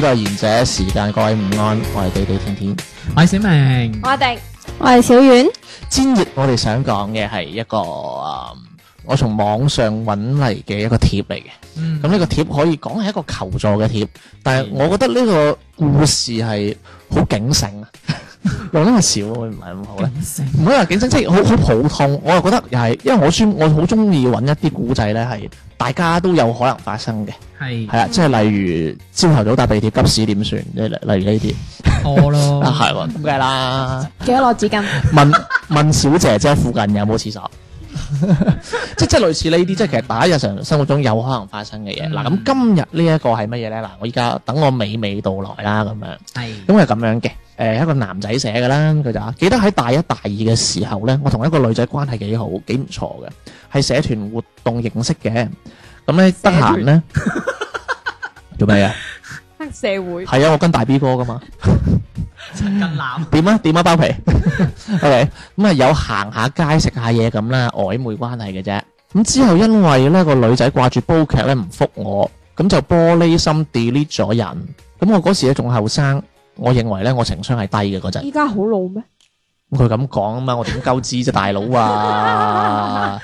呢個賢者時間，各位午安，我係地地天天，我係小明，我係定，我係小婉。今日我哋想講嘅係一個，嗯、我從網上揾嚟嘅一個貼嚟嘅。咁呢、嗯、個貼可以講係一個求助嘅貼，但係我覺得呢個故事係好警醒啊。嗯 羅生係少，唔係咁好咧。唔好話景深，即係好好普通。我又覺得又係，因為我我好中意揾一啲古仔咧，係大家都有可能發生嘅。係係啦，即係例如朝頭早搭地鐵急屎點算，即係例如呢啲。好咯，係咁嘅啦。記得攞紙巾。 問問小姐姐，即係附近有冇廁所？ 即即係類似呢啲，即係其實大家日常生活中有可能發生嘅嘢。嗱、嗯，咁今日呢一個係乜嘢咧？嗱，我依家等我美美到來啦，咁樣。係。咁係咁樣嘅。誒一個男仔寫嘅啦，佢就話記得喺大一大二嘅時候咧，我同一個女仔關係幾好，幾唔錯嘅，係社團活動認識嘅。咁咧得閒咧做咩啊？黑社會係啊，我跟大 B 哥噶嘛。陳近南點啊點啊包皮，係咪咁啊？有行下街食下嘢咁啦，曖昧關係嘅啫。咁之後因為咧個女仔掛住煲劇咧唔覆我，咁就玻璃心 delete 咗人。咁我嗰時咧仲後生。我認為咧，我情商係低嘅嗰陣。依家好老咩？咁佢咁講啊嘛，我點鳩知啫，大佬啊！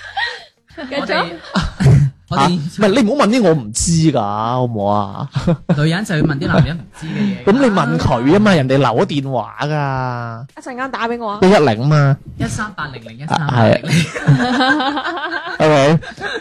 繼續。 唔係、啊、你唔好問啲我唔知噶，好唔好啊？女人就要問啲男人唔知嘅嘢。咁 你問佢啊嘛，啊人哋留咗電話噶。一陣間打俾我啊！一零啊嘛，一三八零零一三八零零。OK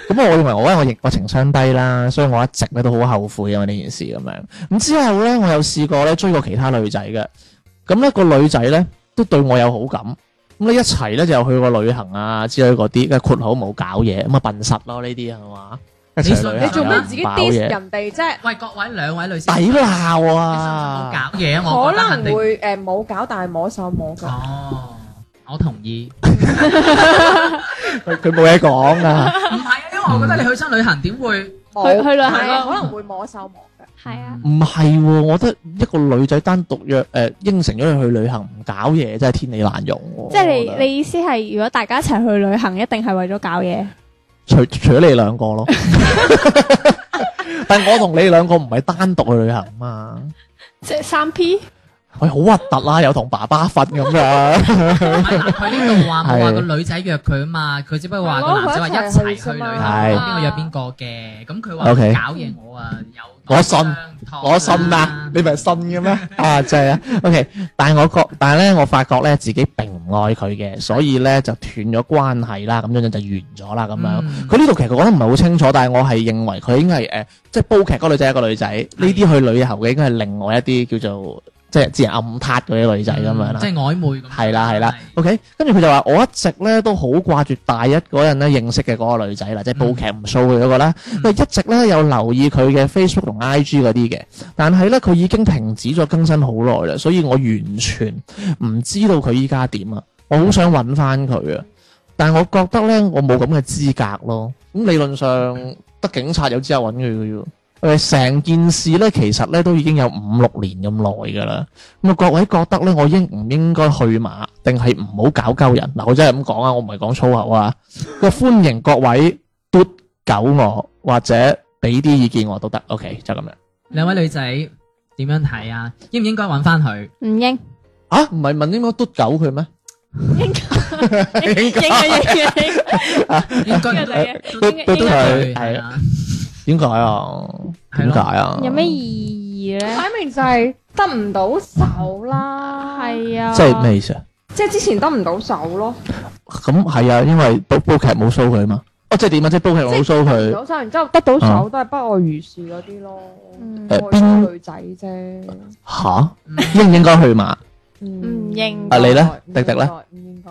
咁啊，我認為我因為我亦個情商低啦，所以我一直咧都好後悔啊呢件事咁樣。咁、嗯、之後咧，我又試過咧追過其他女仔嘅。咁、嗯、咧、嗰個女仔咧都對我有好感。咁你一齊咧就去過旅行啊之類嗰啲，概括好冇搞嘢，咁啊笨實咯，呢啲係嘛？你你做咩自己跌人哋即係？喂，各位兩位女士，抵鬧啊！冇搞嘢，我可能會誒冇搞，但係摸手摸腳。哦，我同意。佢佢冇嘢講啊！唔係啊，因為我覺得你去親旅行點會摸？去去旅行啊，可能會摸手摸。係啊，唔係，我覺得一個女仔單獨約誒應承咗佢去旅行唔搞嘢，真係天理難容。即係你你意思係，如果大家一齊去旅行，一定係為咗搞嘢？除除咗你兩個咯，但係我同你兩個唔係單獨去旅行嘛。即係三 P。喂，好核突啦，又同爸爸瞓咁樣。佢呢度話冇話個女仔約佢啊嘛，佢只不過話個男仔話一齊去旅行，邊個約邊個嘅。咁佢話搞嘢，我啊有。我信，我信啊！你咪信嘅咩？啊，真係啊，OK。但係我覺，但係咧，我發覺咧自己並唔愛佢嘅，所以咧就斷咗關係啦。咁樣樣就完咗啦。咁樣，佢呢度其實佢講得唔係好清楚，但係我係認為佢應該誒，即係煲劇嗰個女仔係一個女仔，呢啲去旅遊嘅應該係另外一啲叫做。即係自然暗撻嗰啲女仔咁樣啦，即係曖昧。係啦係啦，OK。跟住佢就話：我一直咧都好掛住大一嗰陣咧認識嘅嗰個女仔啦，嗯、即係煲劇唔數嘅嗰個咧。因、嗯、一直咧有留意佢嘅 Facebook 同 IG 嗰啲嘅，但係咧佢已經停止咗更新好耐啦，所以我完全唔知道佢依家點啊！我好想揾翻佢啊，但係我覺得咧我冇咁嘅資格咯。咁理論上得警察有資格揾佢嘅喎。誒，成件事咧，其實咧都已經有五六年咁耐噶啦。咁啊，各位覺得咧，我應唔應該去馬，定係唔好搞鳩人？嗱，我真係咁講啊，我唔係講粗口啊。個歡迎各位嘟狗我，或者俾啲意見我都得。OK，就咁樣。兩位女仔點樣睇啊？應唔應該揾翻佢？唔應。啊？唔係問應該嘟狗佢咩？應該，應該，應該，應該，嘟佢，係啊。點解 啊？點解啊？有咩意義咧？擺明就係得唔到手啦，係啊。即係咩意思啊？即係之前得唔到手咯。咁係 啊，因為煲煲劇冇 show 佢啊嘛。哦，即係點啊？即係煲劇冇 show 佢。冇收，然之後得到手、啊、都係不外如是嗰啲咯。誒、嗯，邊女仔啫？吓，應唔應該去嘛？ 唔應啊你咧，迪迪咧，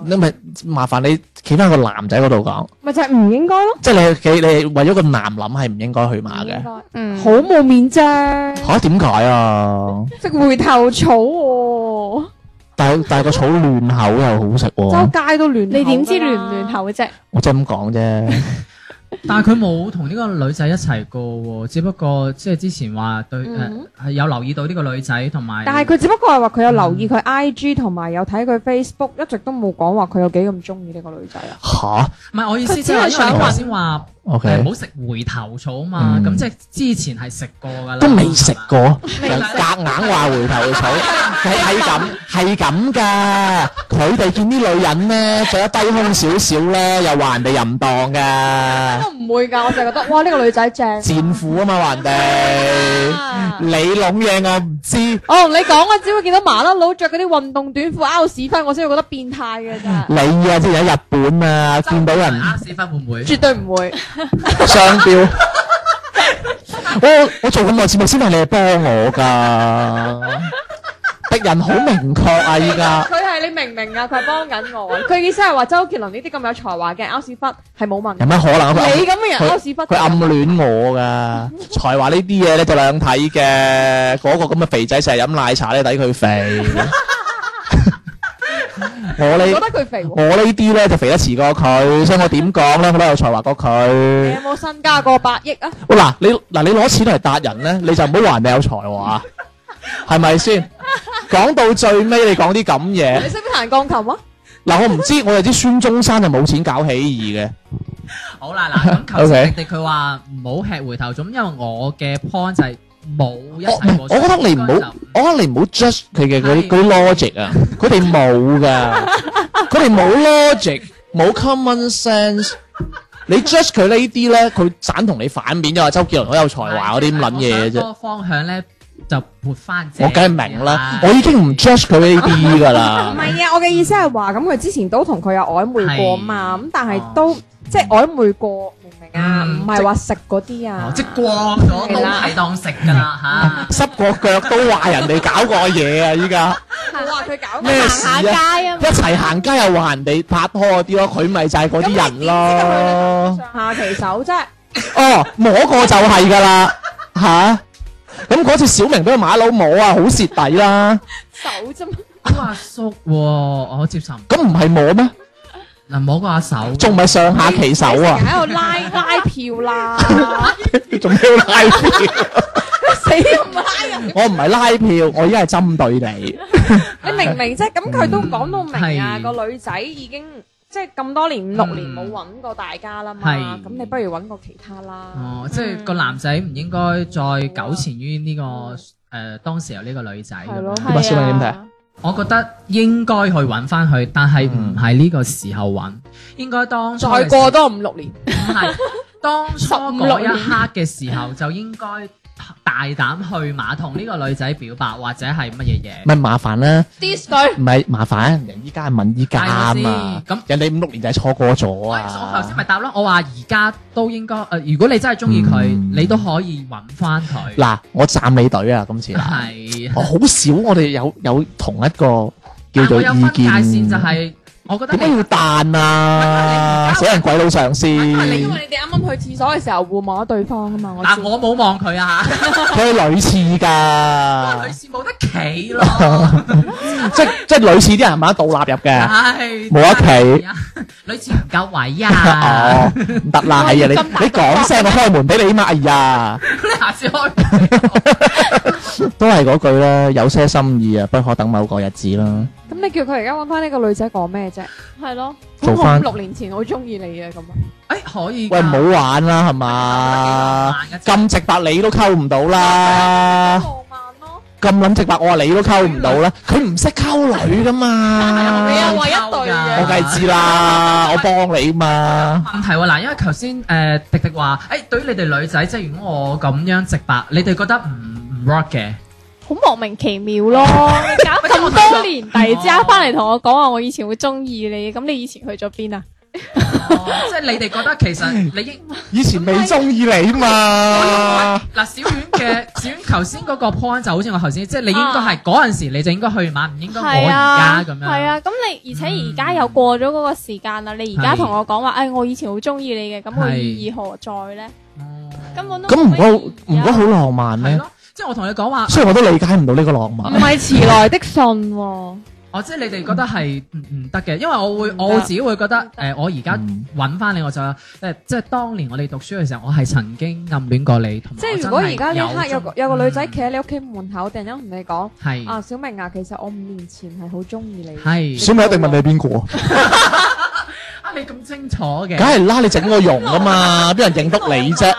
你咪麻煩你企翻個男仔嗰度講，咪就係唔應該咯，即係你企你為咗個男諗係唔應該去馬嘅，嗯，好冇面啫，吓點解啊？食回頭草，但係但係個草嫩口又好食，周街都嫩，你點知嫩唔嫩口嘅啫？我真係咁講啫。但係佢冇同呢個女仔一齊過，只不過即係之前話對係有留意到呢個女仔同埋，但係佢只不過係話佢有留意佢 I G 同埋有睇佢 Facebook，一直都冇講話佢有幾咁中意呢個女仔啊吓，唔係我意思，即係想話先話唔好食回頭草嘛，咁即係之前係食過噶啦，都未食過，夾硬話回頭草，係咁係咁噶，佢哋見啲女人咧，着得低胸少少咧，又話人哋淫蕩噶。會㗎，我就覺得哇呢、呢個女仔正，戰虎啊嘛環地，哇你諗嘢、啊、我唔知、啊。哦，你講我只會見到麻甩佬着嗰啲運動短褲拗屎忽，我先會覺得變態嘅啫。你啊，即係喺日本啊，見到人拗屎忽會唔會？絕對唔會。 雙標。 我我做咁耐節目，先係你幫我㗎。人好明確啊！依家佢係，你明唔明啊？佢係幫緊我。佢意思係話周杰倫呢啲咁有才華嘅歐士忽係冇問題。有咩可能啊？你咁嘅人歐士忽，佢暗戀我噶，才華呢啲嘢咧就兩睇嘅。嗰個咁嘅肥仔成日飲奶茶咧，抵佢肥。我呢覺得佢肥。我呢啲咧就肥得次過佢，所以我點講咧我都有才華過佢。你有冇身家過百億啊？嗱你嗱你攞錢嚟達人咧，你就唔好話你有才華。係咪先？講到最尾，你講啲咁嘢。你識唔識彈鋼琴啊？嗱，我唔知，我就知孫中山就冇錢搞起義嘅。好啦，嗱咁，求其人哋佢話唔好吃回頭。咁因為我嘅 point 就係冇一。我我覺得你唔好，我覺得你唔好 judge 佢嘅嗰啲嗰啲 logic 啊。佢哋冇㗎，佢哋冇 logic，冇 common sense。你 judge 佢呢啲咧，佢盞同你反面，就話周杰倫好有才華嗰啲咁諗嘢嘅啫。方向咧。就撥翻啫，我梗係明啦，我已經唔 judge 佢呢啲噶啦。唔係啊，我嘅意思係話咁，佢之前都同佢有曖昧過嘛，咁但係都即係曖昧過，明唔明啊？唔係話食嗰啲啊，即係光咗都睇當食噶啦吓，濕過腳都話人哋搞過嘢啊依家，話佢搞咩事啊？一齊行街又話人哋拍拖嗰啲咯，佢咪就係嗰啲人咯。上下其手啫，哦，摸過就係噶啦吓。咁嗰次小明俾個馬騮摸啊，好蝕底啦！手啫嘛，阿叔，我接受。咁唔係摸咩？嗱摸個阿手，仲咪上下其手啊！喺度、欸、拉拉票啦！仲要 拉票？ 死都唔拉人！ 我唔係拉票，我而家係針對你。 你明唔明啫，咁佢都講到明啊，嗯、個女仔已經。即係咁多年五、嗯、六年冇揾過大家啦嘛，咁是你不如揾過其他啦。哦，嗯、即係個男仔唔應該再糾纏於呢個誒、嗯、呃、當時有呢個女仔。咯，點睇？我覺得應該去揾翻佢，但係唔係呢個時候揾，應該當再過多五六年，唔 係當初嗰一刻嘅時候就應該。大膽去馬同呢個女仔表白或者係乜嘢嘢？咪麻煩啦，disco 唔係麻煩，人依家係問依家嘛，咁人哋五六年就係錯過咗啊！我頭先咪答咯，我話而家都應該，誒，如果你真係中意佢，你都可以搵翻佢。嗱，我讚美隊啊，今次，我好少我哋有有同一個叫做意見，分界線就係。我覺得點解要彈啊？死人鬼佬上司。你，因為你哋啱啱去廁所嘅時候互望咗對方啊嘛。嗱，我冇望佢啊。佢係女廁噶。女廁冇得企咯。即即女廁啲人冇得倒立入嘅。冇得企。女廁唔夠位啊。哦，唔得啦，係啊，你你講聲我開門俾你嘛。哎呀。你下次開。都係嗰句啦，有些心意啊，不可等某個日子啦。咁你叫佢而家揾翻呢個女仔講咩啫？係咯，講五六年前好中意你啊咁啊！哎，可以喂，唔好玩啦，係嘛？咁直白你都溝唔到啦，咁浪漫咯？咁撚直白我話你都溝唔到啦，佢唔識溝女噶嘛？你啊，為一對嘅，我梗係知啦，我幫你嘛。你問題喎嗱，因為頭先誒迪迪話，誒、呃哎、對於你哋女仔，即係如果我咁樣直白，你哋覺得唔唔 rock 嘅？好莫名其妙咯！搞咁多年，突然之間翻嚟同我講話，我以前會中意你，咁、 嗯、你以前去咗邊啊？哦、即係你哋覺得其實你應 以前未中意你嘛？嗱， 小婉嘅小婉頭先嗰個 point 就好似我頭先，嗯、即係你應該係嗰陣時，你就應該去晚，唔應該我而家咁樣。係啊，咁你、啊嗯、而且而家又過咗嗰個時間啦，是你而家同我講話，誒、哎，我以前好中意你嘅，咁意義何在咧？是嗯、根本都咁唔好，如果好浪漫咩？即係我同你講話，雖然我都理解唔到呢個浪漫。唔係遲來的信喎。哦，即係你哋覺得係唔唔得嘅，因為我會我自己會覺得，誒，我而家搵翻你我就，即係當年我哋讀書嘅時候，我係曾經暗戀過你。即係如果而家呢刻有有個女仔企喺你屋企門口，突然間同你講，係，啊，小明啊，其實我五年前係好中意你。係。小明一定問你係邊個？啊，你咁清楚嘅？梗係拉你整個容噶嘛，邊人認得你啫？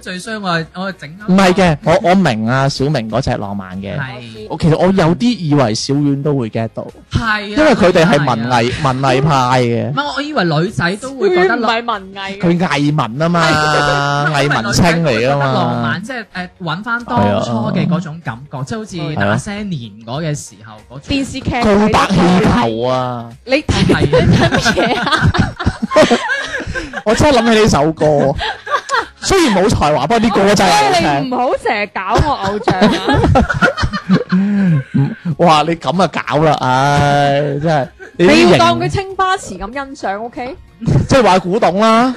最衰我我整唔係嘅，我我明啊，小明嗰隻浪漫嘅，我其實我有啲以為小遠都會 get 到，係因為佢哋係文藝文藝派嘅。唔係，我以為女仔都會覺得浪漫。佢唔係文藝，佢藝文啊嘛，藝文青嚟噶嘛。浪漫即係誒，搵翻當初嘅嗰種感覺，即係好似那些年嗰嘅時候嗰種電視劇。告白氣球啊！你睇，你睇乜嘢啊？我真係諗起呢首歌。雖然冇才華，不過啲歌真係好聽。唔好成日搞我偶像啊！哇，你咁啊搞啦，唉，真係你要當佢青花瓷咁欣賞，OK？即係話古董啦，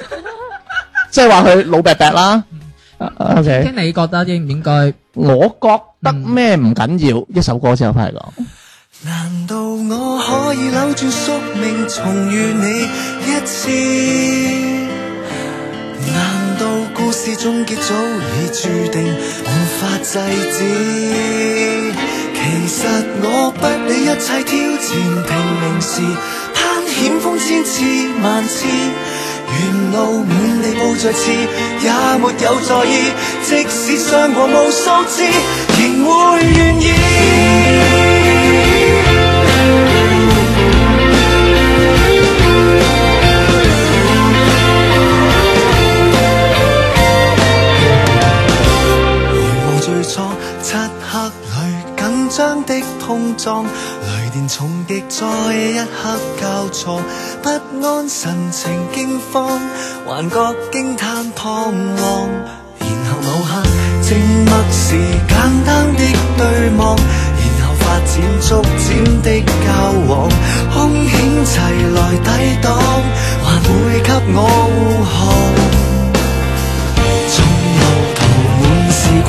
即係話佢老伯伯啦，OK？聽你覺得應唔應該？我覺得咩唔緊要，一首歌之後翻嚟講。難道我可以扭住宿命重遇你一次？是終結早已注定，無法制止。其實我不理一切挑戰，拼命時攀險峰千次萬次，沿路滿地布再次，也沒有在意。即使傷過無數次，仍會願意。空裝，雷電重擊在一刻交錯，不安神情驚慌，幻覺驚歎彷徨。然後某刻靜默時簡單的對望，然後發展逐漸的交往，空險齊來抵擋，還會給我護航。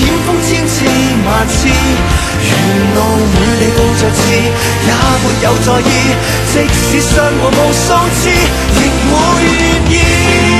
險風千次萬次，沿路每道佈著刺，也沒有在意。即使傷我無數次，仍會願意。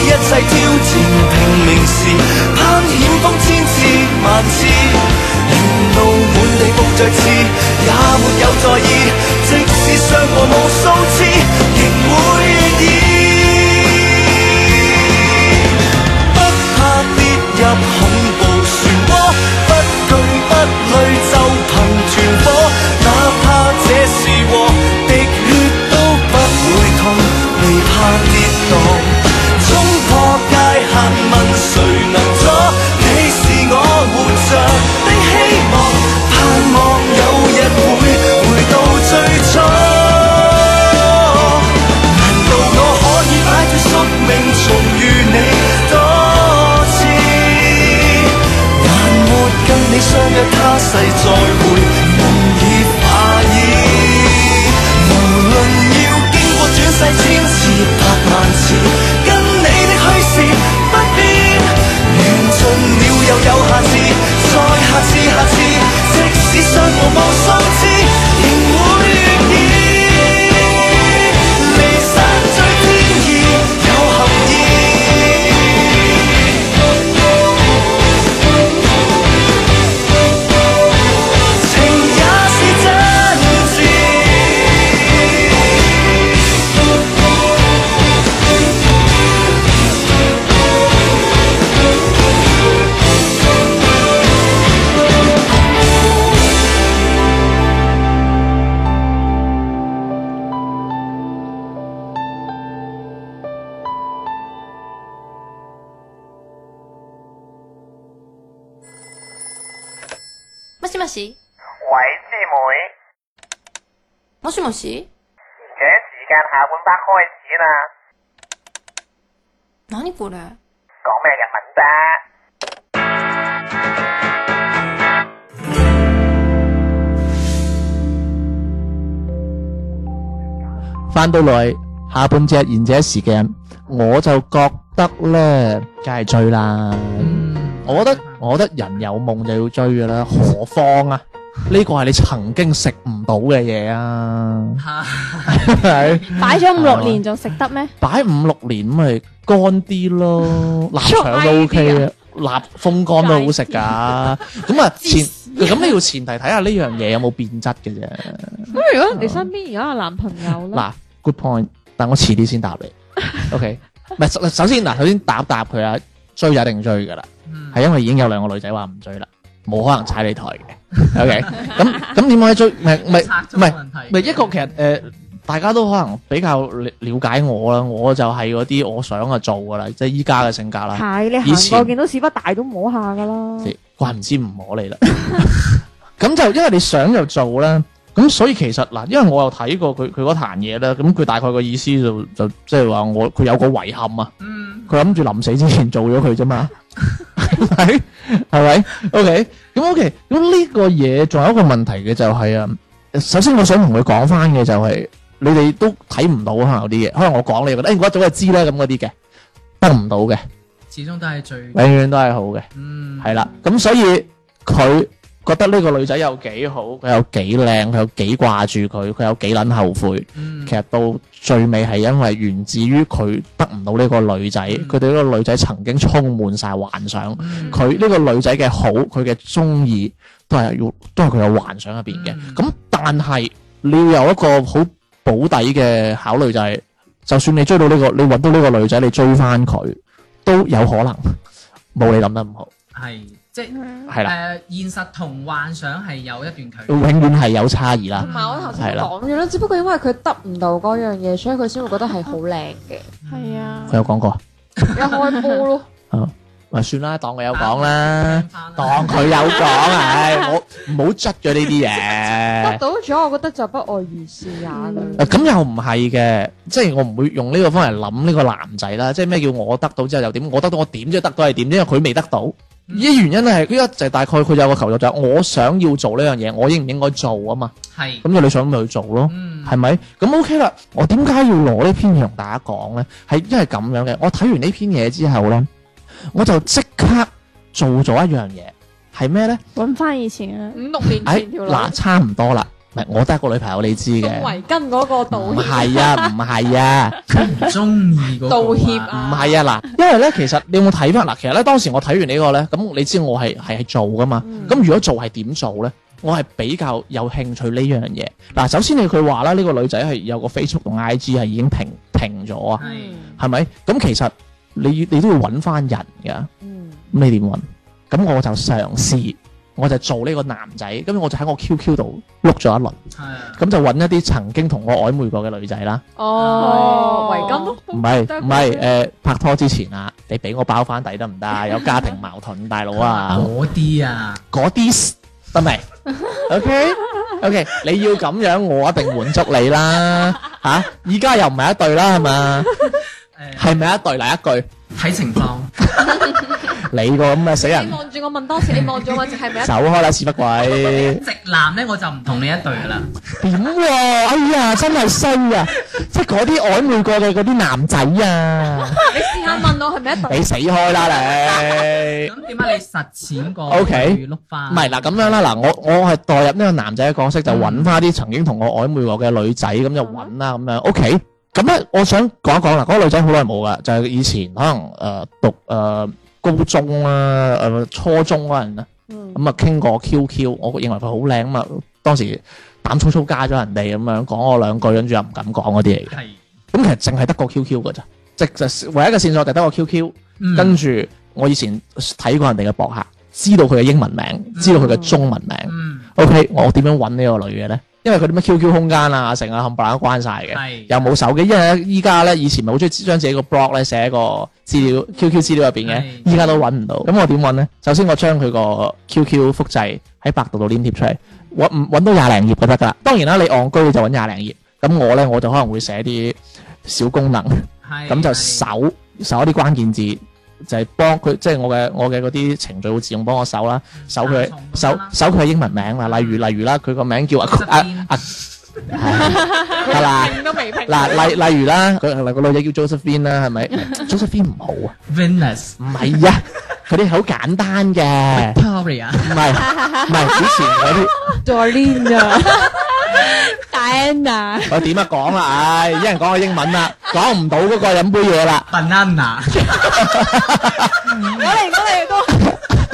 一切挑戰，拼命時，攀險峰千次萬次，沿路滿地布箭刺，也沒有在意。即使傷過無數次，仍會願意。 不怕跌入恐怖漩渦，不懼不累就憑傳火。若他世再會，夢已化煙。無論要經過轉世千次百萬次，跟你的虛事。賢者時間下半 part 開始啦。哪裏過來？講咩日文啫？返到嚟，下半隻賢者時間，我就覺得咧，梗係追啦。我覺得，我覺得人有夢就要追噶啦，何況啊？呢個係你曾經食唔到嘅嘢啊！係擺咗五六年仲食得咩？擺五六年咪乾啲咯，臘腸都 OK 啊，臘風乾都好食噶。咁啊前咁你要前提睇下呢樣嘢有冇變質嘅啫。咁如果你身邊而家有男朋友咧，嗱，good point，但我遲啲先答你。OK，唔係首先嗱，首先答答佢啊？追就一定追噶啦，係因為已經有兩個女仔話唔追啦，冇可能踩你台嘅。O K，咁咁點解追唔係係係係一個其實誒、呃，大家都可能比較了解我啦，我就係嗰啲我想啊做噶啦，即係依家嘅性格啦。係你行過前見到屎忽大都摸下噶啦，怪唔知唔摸你啦。咁 就因為你想就做啦，咁所以其實嗱，因為我又睇過佢佢嗰壇嘢咧，咁佢大概個意思就、就即係話我佢有個遺憾啊，佢諗住臨死之前做咗佢啫嘛。 係，係咪？OK，咁 OK，咁呢個嘢仲有一個問題嘅就係啊，首先我想同佢講翻嘅就係，你哋都睇唔到啊，有啲嘢，可能我講你又覺得，我早就知啦咁嗰啲嘅，得唔到嘅，始終都係最，永遠都係好嘅，嗯，係啦，咁所以佢，覺得呢個女仔有幾好，佢有幾靚，佢有幾掛住佢，佢有幾撚後悔。嗯、其實到最尾係因為源自於佢得唔到呢個女仔，佢對呢個女仔曾經充滿晒幻想。佢呢、嗯、個女仔嘅好，佢嘅中意都係要，都係佢有幻想入邊嘅。咁、嗯、但係你要有一個好保底嘅考慮，就係，就係就算你追到呢、呢個，你揾到呢個女仔，你追翻佢都有可能冇你諗得咁好。係。即係啦，誒現實同幻想係有一段距離，永遠係有差異啦。同埋我頭先講咗啦，只不過因為佢得唔到嗰樣嘢，所以佢先會覺得係好靚嘅。係啊，佢有講過，一開波咯。啊，咪算啦，當佢有講啦，當佢有講啊，我唔好窒咗呢啲嘢。得到咗，我覺得就不外如是也。啊，咁又唔係嘅，即係我唔會用呢個方法嚟諗呢個男仔啦。即係咩叫我得到之後又點？我得到我點就得到係點？因為佢未得到。呢原因係，呢個就大概佢有個求助就係、是，我想要做呢樣嘢，我應唔應該做啊嘛？係是。咁就你想咪去做咯，係咪、嗯？咁 OK 啦。我點解要攞呢篇嘢同大家講咧？係因為咁樣嘅。我睇完呢篇嘢之後咧，我就即刻做咗一樣嘢，係咩咧？揾翻以前啊，五六年嗱， 差唔多啦。我得一個女朋友，你知嘅。圍巾嗰個道歉。唔係啊，唔係啊，唔中意嗰個。道歉唔係啊，嗱、啊，因為咧，其實你有冇睇翻嗱？其實咧，當時我睇完呢、這個咧，咁你知我係係係做噶嘛？咁、嗯、如果做係點做咧？我係比較有興趣呢樣嘢。嗱、嗯，首先你佢話啦，呢、這個女仔係有個 Facebook 同 IG 係已經停停咗啊，係咪、嗯？咁其實你你都要揾翻人㗎。咁、嗯、你點揾？咁我就嘗試。我就做呢個男仔，咁樣我就喺我 QQ 度碌咗一輪，咁就揾一啲曾經同我曖昧過嘅女仔啦。哦，圍巾都唔係唔係誒拍拖之前啊，你俾我包翻底得唔得？有家庭矛盾，大佬啊，嗰啲啊，嗰啲得未？OK OK，你要咁樣，我一定滿足你啦吓！依家又唔係一對啦，係嘛？係咪一對？嚟一句，睇情況。你個咁嘅死人，你望住我問，當時你望住我，就係咪？走開啦，屎忽鬼直男咧，我就唔同你一對噶啦。點？哎呀，真係衰啊！即係嗰啲曖昧過嘅嗰啲男仔啊，你試下問我係咪一對？你死開啦！你咁點解？你實踐過？O K，錄翻唔係嗱？咁樣啦嗱，我我係代入呢個男仔嘅角色，就揾翻啲曾經同我曖昧過嘅女仔，咁就揾啦。咁樣 O K，咁咧我想講一講啦。嗰個女仔好耐冇噶，就係以前可能誒讀誒。高中啊，誒初中嗰陣啊，咁啊傾過 QQ，我認為佢好靚啊嘛，當時膽粗粗加咗人哋咁樣講我兩句，跟住又唔敢講嗰啲嚟嘅。係是，咁其實淨係得個 QQ 噶咋，即係唯一嘅線索就得個 QQ。跟住我以前睇過人哋嘅博客，知道佢嘅英文名，知道佢嘅中文名。OK，我點樣揾呢個女嘅呢？因為佢啲咩 QQ 空間啊，成啊冚唪唥關晒嘅，的又冇手機。因為咧，依家呢，以前咪好中意將自己 blog 寫個 blog 咧寫個資料 QQ 資料入邊嘅，依家的都揾唔到。咁的我點揾呢？首先我將佢個 QQ 複製喺百度度黏貼出嚟，揾到廿零頁就得噶啦。當然啦，你戇居就揾廿零頁。咁我呢，我就可能會寫啲小功能，咁的 就搜的搜啲關鍵字。就係幫佢，即係我嘅我嘅嗰啲程序會自動幫我搜啦，搜佢，搜搜佢嘅英文名啦。例如，例如啦，佢個名叫阿 Josephine，啊。啊啊，得 啦，嗱， 例例如啦，嗰、嗰個女仔叫 Josephine 啦，係咪？Josephine 唔好啊，Venus 唔係啊，嗰啲好簡單嘅，Talia 唔係唔係之前嗰啲。Joanna，Diana，我點啊講啦？唉，一人講個英文啦，講唔到嗰個飲杯嘢啦。Banana，我嚟，我嚟，我嚟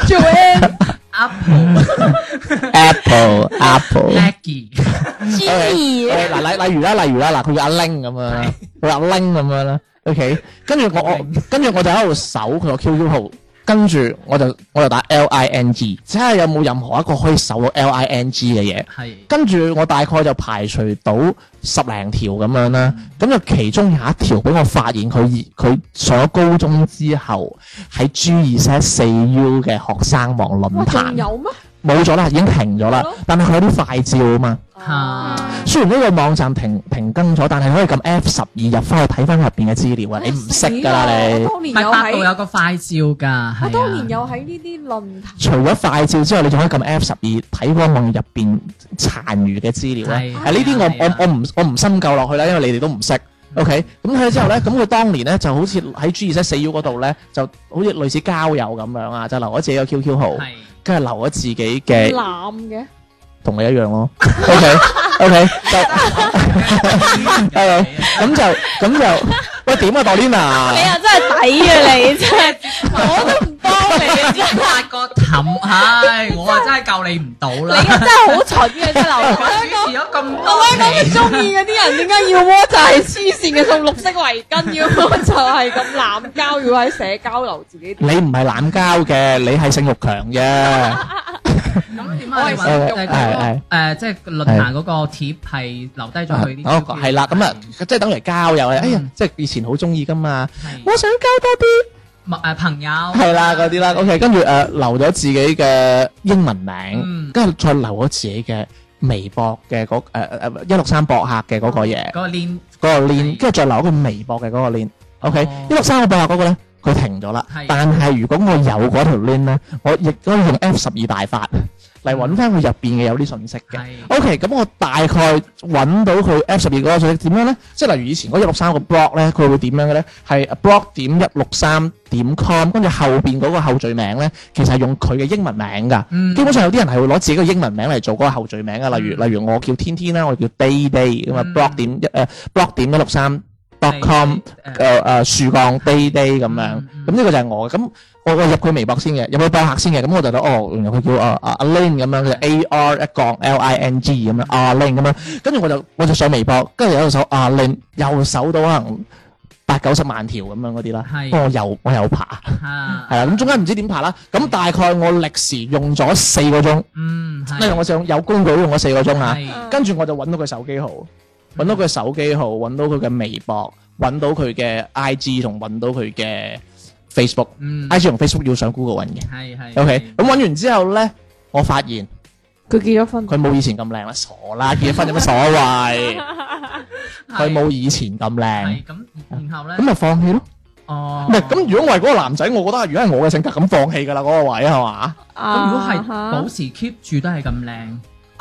，Joanne，Apple，Apple，Apple，Lucky，注意，嗱，例例如啦，例如啦，嗱，佢叫阿 Link 咁樣啦，佢阿 Link 咁樣啦，OK，跟住我我跟住我就喺度搜佢個 QQ 號。跟住我就我就打 L I N G，即係有冇任何一個可以搜到 L I N G 嘅嘢？係是。跟住我大概就排除到十零條咁樣啦。咁就、嗯、其中有一條俾我發現佢，佢上咗高中之後喺 G 二 set 四 U 嘅學生網論壇。有咩？冇咗啦，已經停咗啦。但係佢有啲快照啊嘛。吓，雖然呢個網站停停更咗，但係可以撳 F 十二入翻去睇翻入邊嘅資料啊！你唔識噶啦，你當年百度有個快照噶。我當年有喺呢啲論壇。除咗快照之外，你仲可以撳 F 十二睇個網入邊殘餘嘅資料咧。係呢啲我我我唔我唔深究落去啦，因為你哋都唔識。OK，咁去咗之後咧，咁佢當年咧就好似喺 G 二三四幺嗰度咧，就好似類似交友咁樣啊，就留咗自己個 QQ 號，跟住留咗自己嘅男嘅。同你一樣咯，OK，OK，就係咁就咁就喂點啊，Dolina，你啊真係抵啊你真係，我都唔幫你啊，只發個氹嚇，我啊真係救你唔到啦，你啊真係好蠢嘅，真係流口水，遲咗咁多，我咪講你中意嗰啲人點解要喎就係黐線嘅送綠色圍巾，要喎就係咁濫交，要喺社交樓自己，你唔係濫交嘅，你係性慾強嘅，咁點啊？誒，即係論壇嗰個貼係留低咗佢啲，係啦，咁啊，即係等嚟交友啊，哎呀，即係以前好中意噶嘛，我想交多啲，誒朋友，係啦嗰啲啦，OK，跟住誒留咗自己嘅英文名，跟住再留咗自己嘅微博嘅嗰誒誒一六三博客嘅嗰個嘢，嗰個鏈，嗰個鏈，跟住再留個微博嘅嗰個鏈，OK，一六三個博客嗰個咧，佢停咗啦，但係如果我有嗰條鏈咧，我亦都用 F 十二大法。嚟揾翻佢入邊嘅有啲信息嘅。OK，咁我大概揾到佢 F12 嗰個信息點樣呢？即係例如以前嗰一六三個 blog 咧，佢會點樣嘅呢？係 blog 點一六三點 com，跟住後邊嗰個後綴名呢，其實係用佢嘅英文名㗎。嗯、基本上有啲人係會攞自己嘅英文名嚟做嗰個後綴名嘅。例如例如我叫天天啦，我叫 day day 咁啊，blog 點一誒，blog 點一六三。dotcom，day day 咁樣，咁呢個就係我嘅。咁我我入佢微博先嘅，入佢博客先嘅。咁我就覺得哦，原來佢叫啊阿 Lin 咁樣，就 A R 一槓 L I N G 咁樣，阿 Lin 咁樣。跟住我就我就上微博，跟住有手阿 Lin，右手都可能八九十萬條咁樣嗰啲啦。係，我又我又爬，係啊。咁中間唔知點爬啦。咁大概我歷時用咗四個鐘。嗯，係。我想有工具用咗四個鐘啊。跟住我就揾到佢手機號。揾到佢手機號，揾到佢嘅微博，揾到佢嘅 IG 同揾到佢嘅 Facebook，IG 同 Facebook 要上 Google 揾嘅。係係。OK，咁揾完之後咧，我發現佢結咗婚，佢冇、嗯、以前咁靚啦，傻啦，結咗婚有乜所謂？佢冇 的以前咁靚。咁，然後咧。咁咪放棄咯。哦。唔係，咁如果我係嗰個男仔，我覺得如果係我嘅性格，咁、那個、放棄噶啦嗰個位係嘛？咁、啊、哈如果係保持 keep 住都係咁靚。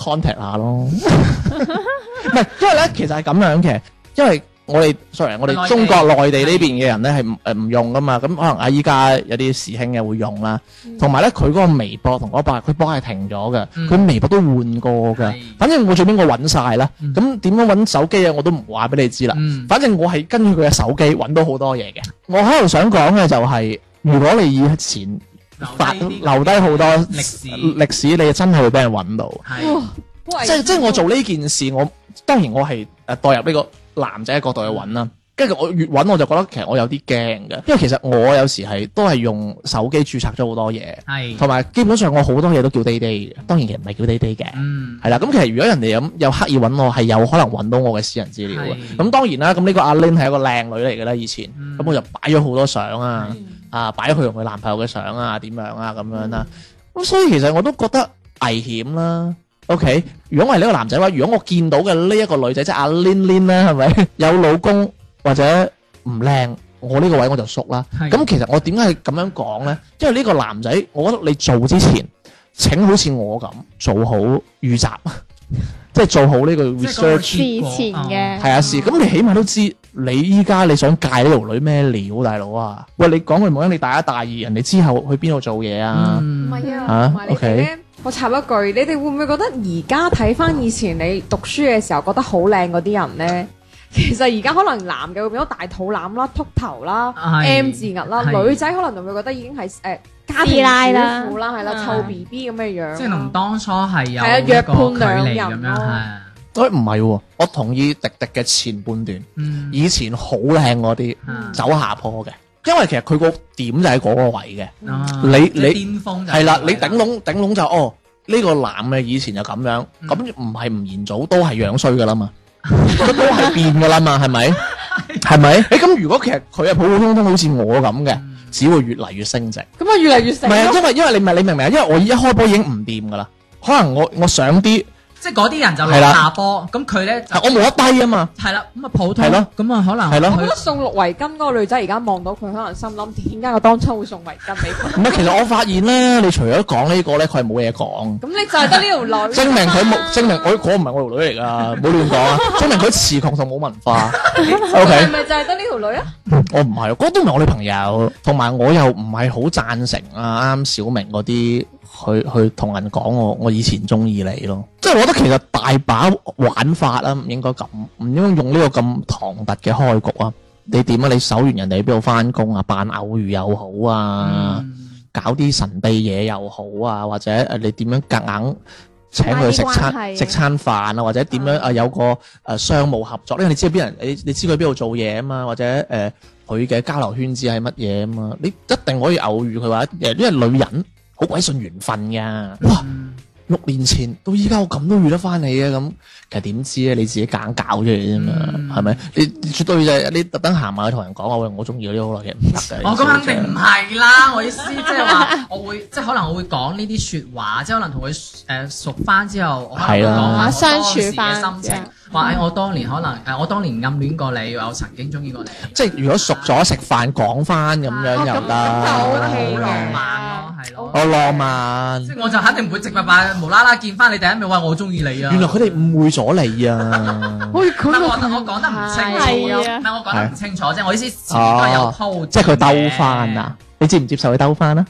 contact 下咯，唔 係，因為咧其實係咁樣嘅，因為我哋 ，sorry，我哋中國內地呢邊嘅人咧係誒唔用噶嘛，咁的可能啊依家有啲時興嘅會用啦，同埋咧佢嗰個微博同嗰個 blog 佢 blog 係停咗嘅，佢微博都、嗯、換過嘅，反正我做屘我揾晒啦，咁點樣揾手機啊、嗯、我都唔話俾你知啦，反正我係根據佢嘅手機揾到好多嘢嘅，我喺度想講嘅就係如果你以錢。留低留低好多歷史，歷史你真係會俾人揾到。係，即係即係我做呢件事，我當然我係誒代入呢個男仔嘅角度去揾啦。跟住我越揾，我就覺得其實我有啲驚嘅，因為其實我有時係都係用手機註冊咗好多嘢，係，同埋基本上我好多嘢都叫 day day 嘅。當然其實唔係叫 day day 嘅，嗯，係啦。咁其實如果人哋咁有刻意揾我，係有可能揾到我嘅私人資料嘅。咁當然啦，咁呢個阿 Lin 係一個靚女嚟嘅啦，以前咁我就擺咗好多相啊。啊！擺佢同佢男朋友嘅相啊，點樣啊咁樣啦，啊，咁所以其實我都覺得危險啦。OK，如果我係呢個男仔話，如果我見到嘅呢一個女仔即係阿 Lynn Lynn 咧，係咪有老公或者唔靚，我呢個位我就縮啦。咁的其實我點解係咁樣講呢？因為呢個男仔，我覺得你做之前請好似我咁做好預習。 即係做好呢個 research，前嘅。係啊，事。咁你起碼都知你依家你想介呢條女咩料，大佬啊！喂，你講句冇因你大一大二，人哋之後去邊度做嘢啊？唔係、嗯、啊，嚇？OK，我插一句，你哋會唔會覺得而家睇翻以前你讀書嘅時候，覺得好靚嗰啲人咧？其實而家可能男嘅會變咗大肚腩啦、禿頭啦、M 字額啦，女仔可能就會覺得已經係誒家庭主婦啦，係啦湊 B B 咁嘅樣。即係同當初係有係啊約判兩人咁樣，所以唔係，我同意迪迪嘅前半段，以前好靚嗰啲走下坡嘅，因為其實佢個點就喺嗰個位嘅，你你係啦，你頂籠頂籠就哦呢個男嘅以前就咁樣，咁唔係吳彥祖都係樣衰噶啦嘛。 都係變噶啦嘛，係咪？係咪 的？誒，咁、欸、如果其實佢係普普通通好似我咁嘅，只會越嚟越升值。咁啊、 嗯，越嚟越升。唔係，因為因為你唔係你明唔明啊？因為我一開波已經唔掂噶啦，可能我我上啲。即係嗰啲人就係啦打波，咁佢咧，我冇得低啊嘛。係啦，咁啊普通，咁啊可能。係咯。送綠圍巾嗰個女仔而家望到佢，可能心諗點解我當初會送圍巾俾佢？唔係，其實我發現咧，你除咗講呢個咧，佢係冇嘢講。咁你就係得呢條女。證明佢冇，證明我我唔係我條女嚟噶，冇亂講啊！證明佢詞窮又冇文化。O K。係咪就係得呢條女啊？我唔係，嗰都唔係我女朋友，同埋我又唔係好贊成啊！啱小明嗰啲去去同人講我我以前中意你咯。我覺得其實大把玩法啦、啊，唔應該咁，唔應該用呢個咁唐突嘅開局啊！你點啊？你守完人哋喺邊度翻工啊？扮偶遇又好啊，嗯、搞啲神秘嘢又好啊，或者誒，你點樣夾硬請佢食餐食餐飯啊？或者點樣啊？有個誒商務合作，因為、嗯、你知邊人，你你知佢邊度做嘢啊嘛，或者誒佢嘅交流圈子係乜嘢啊嘛？你一定可以偶遇佢話，因為女人好鬼信緣分噶、啊。嗯六年前到依家我咁都遇得翻你嘅咁，其實點知咧？你自己揀搞出嚟啫嘛，係咪、嗯？你絕對就係你特登行埋去同人講，我 我中意你咗好耐嘅，唔得，我講肯定唔係啦， 我意思即係話，我會即係可能我會講呢啲説話，即係可能同佢誒熟翻之後，係咯、啊，相處翻。Yeah. 話誒，我當年可能誒，我當年暗戀過你，我曾經中意過你。即係如果熟咗食飯講翻咁樣又得。哦，咁走得好浪漫咯，係咯。哦，好浪漫。即係我就肯定唔會直白白無啦啦見翻你第一面話我中意你啊。原來佢哋誤會咗你啊。因為佢我我講得唔清楚啊，唔係我講得唔清楚啫，我意思前度有鋪，即係佢兜翻啊，你接唔接受佢兜翻啊？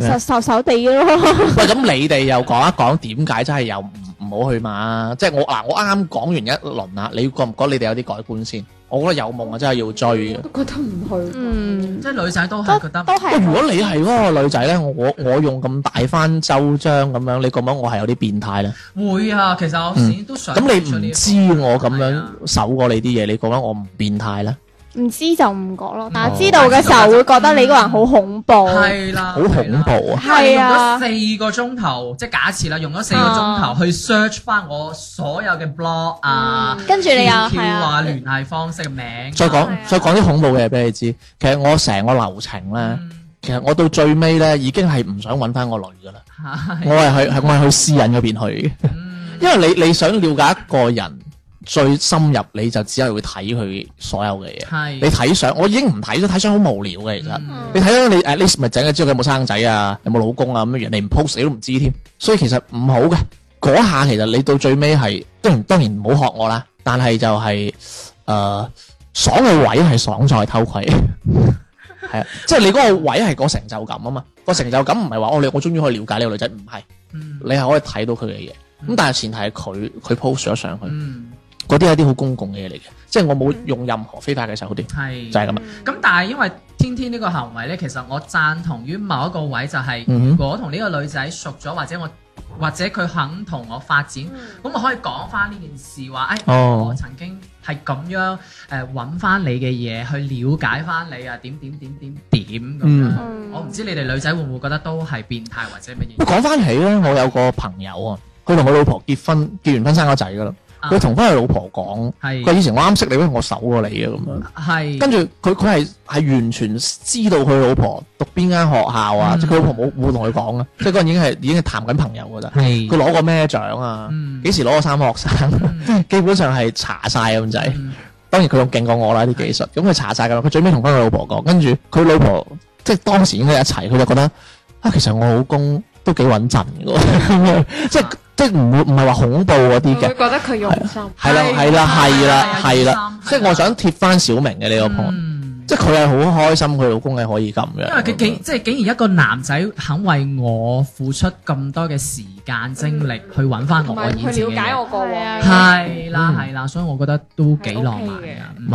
手手手地咯。喂，咁你哋又講一講點解真係又唔？唔好去嘛，即係我嗱，我啱啱講完一輪啦，你覺唔覺得你哋有啲改觀先？我覺得有夢啊，真係要追嘅。覺得唔去，嗯，即係女仔都係覺得都係。喂，如果你係嗰個女仔咧，我我用咁大番周章咁樣，你覺唔覺得我係有啲變態咧？會啊，其實我始終都想咁，你唔知我咁樣搜過你啲嘢，你覺唔覺得我唔變態咧？唔知就唔講咯。但知道嘅時候會覺得你個人好恐怖，係啦，好恐怖啊！係啊，用咗四個鐘頭，即係假設啦，用咗四個鐘頭去 search 翻我所有嘅 blog 啊，QQ 跟住你又話，聯繫方式名。再講，再講啲恐怖嘅嘢俾你知。其實我成個流程咧，其實我到最尾咧已經係唔想揾翻我女噶啦。我係去，我係去私隱嗰邊去。因為你你想了解一個人，最深入你就只係會睇佢所有嘅嘢， 你睇相，我已經唔睇咗。睇相好無聊嘅其實。 你睇到你誒你咪整嘅，知佢有冇生仔啊，有冇老公啊咁樣，你唔 post 你都唔知添。所以其實唔好嘅，嗰下其實你到最尾係，當然當然唔好學我啦。但係就係、是、誒、呃、爽嘅位係爽在偷窺，係啊，即係、就是、你嗰個位係個成就感啊嘛。個成就感唔係話哦，我終於可以了解呢個女仔，唔係，嗯、你係可以睇到佢嘅嘢。咁、嗯、但係前提係佢佢 post 咗上去。 嗰啲係啲好公共嘅嘢嚟嘅，即係我冇用任何非法嘅手段，係是就係咁啊！咁、嗯、但係因為天天呢個行為咧，其實我贊同於某一個位就係、是，嗯、哼如果我同呢個女仔熟咗，或者我或者佢肯同我發展，咁我、嗯、可以講翻呢件事話，誒，哦、我曾經係咁樣誒揾翻你嘅嘢去了解翻你啊，點點點點點咁我唔知你哋女仔會唔會覺得都係變態或者乜嘢？講翻起咧，我有個朋友啊，佢同佢老婆結婚，結完婚生個仔噶啦。佢同翻佢老婆講，佢以前我啱識你嗰陣，我守過你嘅咁啊。係，跟住佢佢係係完全知道佢老婆讀邊間學校啊，即佢老婆冇冇同佢講啊，即係嗰陣已經係已經係談緊朋友㗎咋。係，佢攞過咩獎啊？幾時攞過三好學生？基本上係查曬咁滯。當然佢用勁過我啦啲技術。咁佢查晒㗎嘛。佢最尾同翻佢老婆講，跟住佢老婆即係當時已經係一齊，佢就覺得啊，其實我老公都幾穩陣嘅即係。即係唔會，唔係話恐怖嗰啲嘅，佢覺得佢用心係啦係啦係啦係啦，即係我想貼翻小明嘅呢個 point，即係佢係好開心佢老公係可以噉樣，因為佢竟即係竟然一個男仔肯為我付出咁多嘅時間精力去搵翻我，而且了解我過往，係啦係啦，所以我覺得都幾浪漫。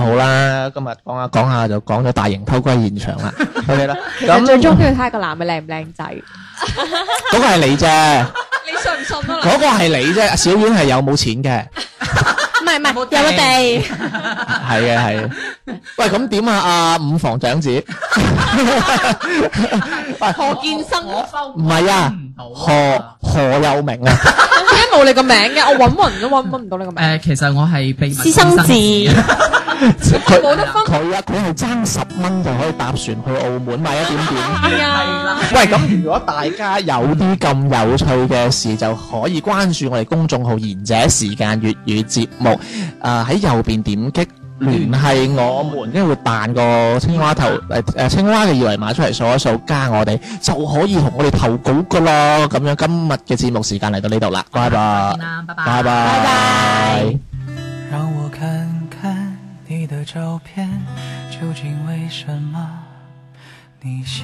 咁好啦，今日講下講下就講咗大型偷窺現場啦，OK 啦。咁最終都要睇下個男嘅靚唔靚仔，嗰個係你啫。你信唔信啊？嗰個係你啫，小婉係有冇錢嘅。 唔係唔係，有我哋係嘅係。喂，咁點啊？阿五房長子何建生唔係啊？何何有明啊？點解冇你個名嘅？我搵勻都搵搵唔到你個名。誒，其實我係私生子。佢冇得分佢啊！佢係爭十蚊就可以搭船去澳門買一點點。係啊，係啦。喂，咁如果大家有啲咁有趣嘅事，就可以關注我哋公眾號《賢者時間粵語節目》。誒，喺右邊點擊聯繫我們，跟住會彈個青蛙頭誒誒，青蛙嘅二維碼出嚟，掃一掃加我哋就可以同我哋投稿㗎喇。咁樣今日嘅節目時間嚟到呢度啦，拜拜，拜拜，拜拜，拜拜，拜拜，讓我看看你的照片，究竟為什麼你笑？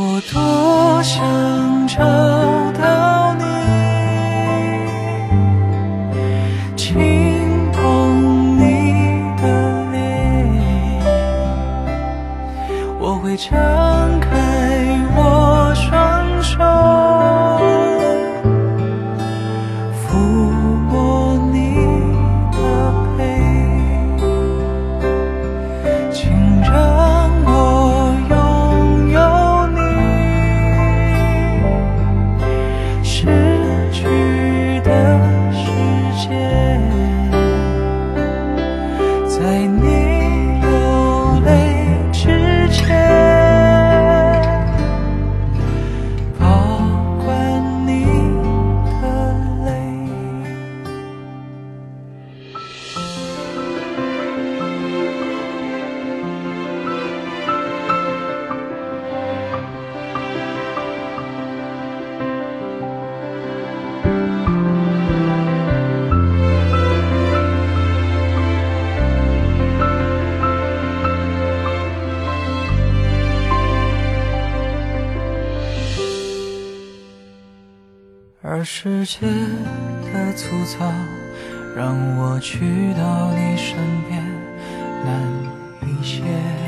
我多想唱。這世界的粗糙，讓我去到你身邊難一些。